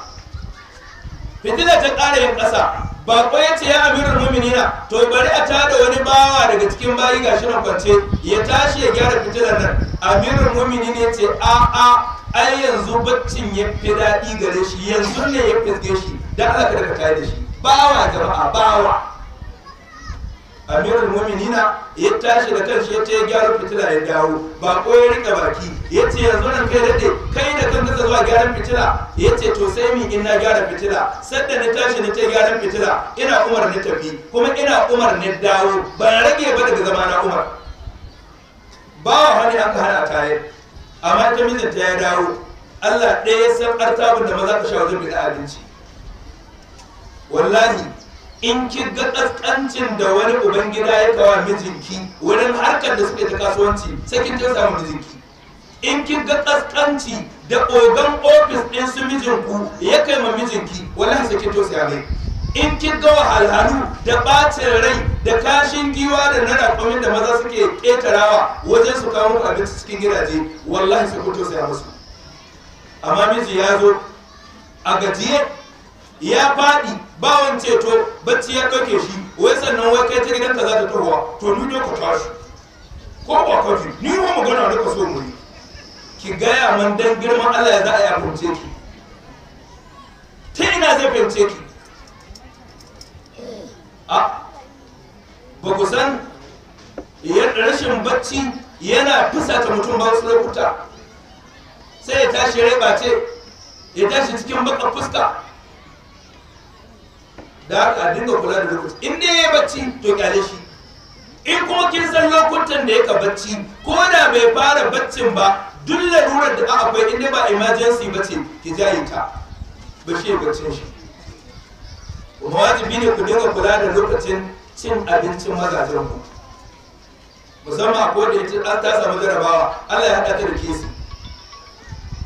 fitina ta ƙara yin ƙasa ba ko ya ce ya amirul na, to bari a tada wani bawa daga cikin bayi ga shi kwance ya tashi ya gyara fitilar nan amirul muminin ne ce a a ai yanzu baccin ya fi daɗi gare shi yanzu ne ya gare shi da aka daga kayan shi bawa jama'a bawa amirul muminina ya tashi da kansa ya ce ya gyara fitila ya dawo ba ko ya rika baki ya ce yanzu nan kai daɗe kai da kanka zuwa gyaran fitila ya ce to sai mi in na gyara fitila sanda na tashi na ce gyaran fitila ina umar na tafi kuma ina umar na dawo Bana rage ba daga zama na umar ba wa hali aka hana tayar amma ta ta ya dawo Allah ɗaya ya san artabun da maza ka sha wajen bin abinci wallahi in ki ga kaskancin da wani ubangida ya kawo mijinki wurin harkar da suke ta kasuwanci sai kin je mu mijinki in ki ga kaskanci da ogan ofis ɗin su mijinku ya kai ma mijinki wallahi sai kin tausaya mai in ki ga wahalhalu da ɓacin rai da kashin giwa da na raƙumin da maza suke ƙetarawa wajen su kawo muku abinci cikin gidaje wallahi sai kun tausaya musu amma miji ya zo a gajiye ya faɗi bawan ceto bacci ya ɗauke shi wai sannan wai kai ta gidan ka za ta tohuwa to ni ne ku tashi ko ba ka ji ni ma magana da ku so mu yi ki gaya man dan girman Allah ya za a yi fahimce ki ta ina zai fahimce ki a ba ku san rashin bacci yana fusata mutum ba wasu lokuta sai ya tashi ya ce ya tashi cikin baka fuska da haka a dinga kula da lokaci in dai ya bacci to kyale shi in kuma kin san lokutan da yaka bacci ko da bai fara baccin ba duk larurar da akwai in dai ba emergency bace ki jaye ta ba shi baccin shi kuma wajibi ne ku dinga kula da lokacin cin abincin mazajen ku musamman ko da yace an ta samu jarabawa Allah ya hada ta da kesi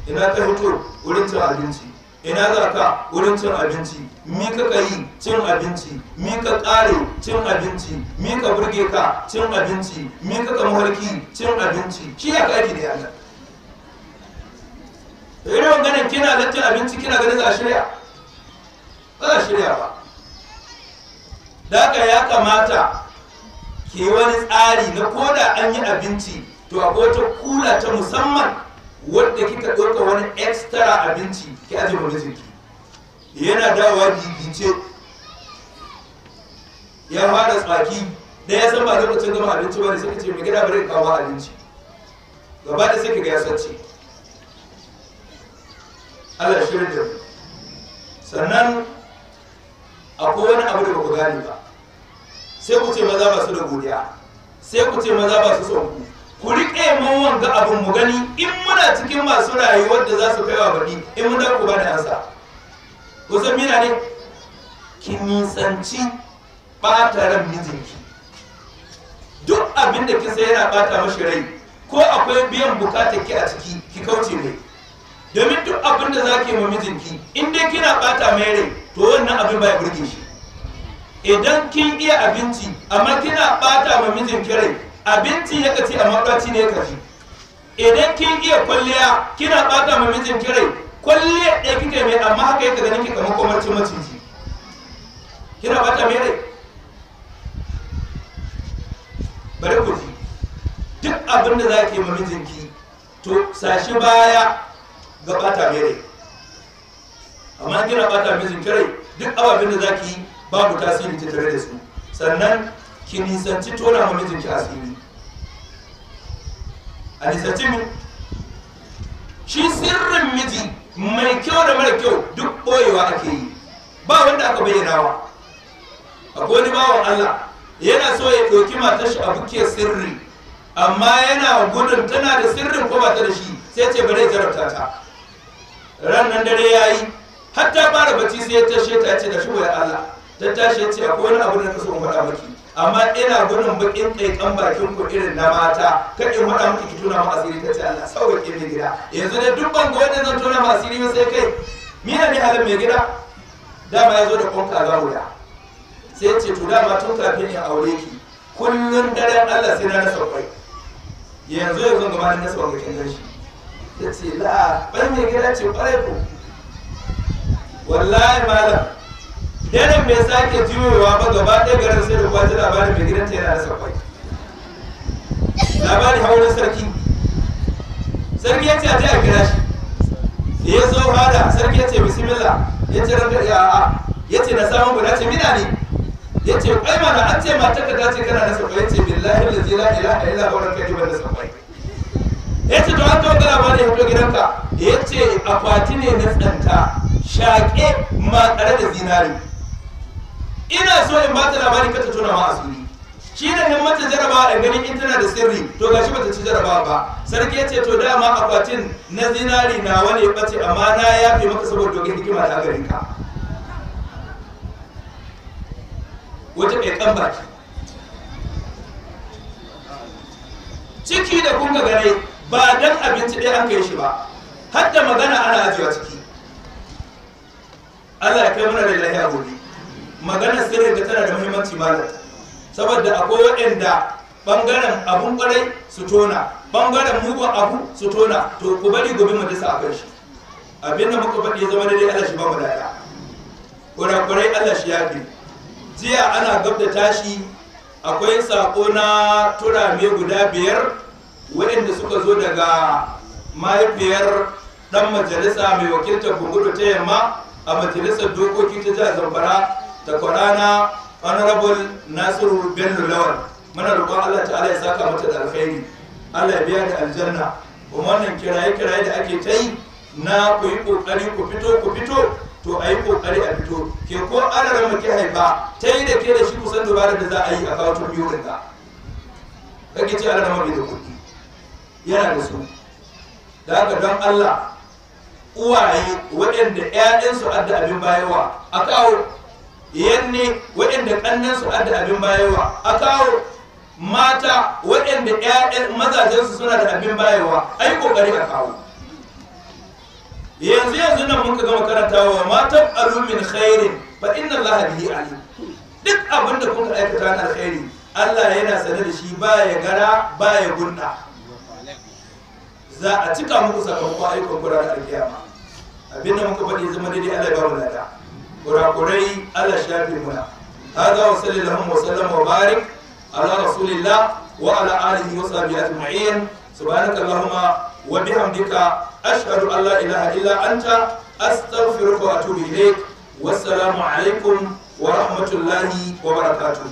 ina ta hito wurin cin abinci ina za ka wurin cin abinci mi ka kayi cin abinci mi ka kare cin abinci mi ka burge ka cin abinci mi ka harki cin abinci shi ya kaki da yana irin ganin kina da cin abinci kina ganin za a shirya ba za a shirya ba Daka ya kamata ke wani tsari na koda an yi abinci to a wata kula ta musamman wanda kika ɗauka wani extra abinci ki aje wa mijinki yana dawowa gigice ya fara tsaki da ya san ba lokacin gama abinci ba ne sai ce mai gida bari kawo abinci gaba da sai ka ga ya sace Allah shi da sannan akwai wani abu da ba ku gane ba sai ku ce maza ba su da godiya sai ku ce maza ba su son ku ku riƙe mun wanga abin mu gani in muna cikin masu rayuwar da za su kai wa bari in mun ku da hasa. ku san mina ne ki nisanci ɓata ran mijinki duk abin da sai yana ɓata mashi rai ko akwai biyan bukatar ki a ciki ki kauce ne domin duk abin da za ki yi mijinki in dai kina ɓata mai rai to wannan abin ba ya burge shi idan kin iya abinci amma kina ɓata ma mijinki rai abinci ya kaci a mabaci ne ya kaci idan kin iya kwalliya kina bata ma mijin kirai kwalliya ɗaya kike mai amma haka yake ganin ki kamar mace maciji kina bata mai rai bare ku ji duk abin da za ki ma mijinki to sashi baya ga bata mai rai amma kina ɓata mijin kirai duk ababin da za ki yi babu tasiri tattare da su sannan ki nisanci tona ma mijinki asiri a mu shi sirrin miji mai kyau da mara kyau duk ɓoyewa ake yi ba wanda aka bayyana wa a wani bawan Allah yana so ya ɗauki matar shi a buke sirri amma yana gudun tana da sirrin ko ba ta da shi sai ce bare jarabta ta ran nan dare yayi har ta fara bacci sai ta ce ta ce da shi wa Allah ta tashi ce ko wani abu da na so in faɗa miki amma ina gudun bakin kan bakin ku irin na mata kan in faɗa miki ki tuna mu asiri ta ce Allah sauƙaƙe mai gida yanzu ne duk ban gode wanda zan tuna mu asiri ba sai kai mina ne halin mai gida dama ya zo da ƙonka kaza wuya sai ce to dama tun kafin in aure ki kullum daren Allah sai na rasa kwai yanzu yanzu gaba na rasa kwai kin shi ta ce la bai mai gida ce kwarai ko wallahi malam daren bai sake juyowa ba gaba ɗaya garin sai da kwaji labarin mai gidan ta yana da sakwai labarin haurin sarki sarki ya ce a je a kira shi da ya zo fada sarki ya ce bismillah ya ce ranka ya a ya ce na samun guda ce mina ne ya ce kwai mana an ce mata ka dace kana da sakwai ya ce billahi da ila A ila wa ranka jiban da sakwai ya ce to an to ga labarin ya to gidanka ya ce akwati ne na tsanta shaƙe ma tsare da zinari ina so in bata labarin ka ta tona ma asiri shi da nan mata jaraba da ganin in tana da sirri to gashi bata ci jaraba ba sarki ya ce to dama akwatin na zinari na wani bace amma na yafe maka saboda dogon hikima ta garin ka wata mai kan baki ciki da kunga gare ba dan abinci ɗaya an kai shi ba hatta magana ana ajiyar ciki Allah ya kai mana da lahiya gobe magana sirri da tana da muhimmanci malam saboda akwai waɗanda bangaren abun kwarai su tona bangaren mugun abu su tona to ku bari gobe mu dasa akan shi abin da muka faɗi zama dai Allah shi ba mu da kwarai Allah shi ya bi jiya ana gabda tashi akwai sako na turame guda biyar waɗanda suka zo daga mahaifiyar dan majalisa mai wakiltar bugudu ta yamma a majalisar dokoki ta jihar zamfara da kwarana honorable nasiru bello lawan mana roƙon allah ta'ala ya saka mata da alkhairi allah ya biya da aljanna kuma wannan kiraye kiraye da ake ta yi na ku yi ƙoƙari ku fito ku fito to a yi ƙoƙari a fito ke ko ana mu ke haifa ta yi da ke da shi kusan dubarar da za a yi a kawo tun biyu da kake ce da kuɗi yana da su da haka don allah uwaye waɗanda 'ya'yansu adda abin bayawa a kawo yanne waɗanda ƙannensu su adda abin bayarwa a kawo mata waɗanda ƴaƴan mazajensu suna da abin bayarwa a yi ƙoƙari a kawo yanzu yanzu nan muka gama karantawa matan alumin khairin fa inna allaha bihi alim duk abin da kuka aikata na alkhairi Allah yana sane da shi baya gara baya gunna za a cika muku sakamakon ayyukan kura da alkiyama abinda muka faɗi zama daidai Allah ya ba mu lada kurakurai ala shafi muna hada wa sallallahu wa sallam wa barik ala rasulillah wa ala alihi wa sahbihi ajma'in subhanaka allahumma wa bihamdika ashhadu an la ilaha illa anta astaghfiruka wa atubu ilayk wassalamu alaikum wa rahmatullahi wa barakatuh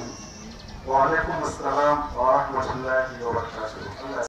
wa alaikum assalam wa rahmatullahi wa barakatuh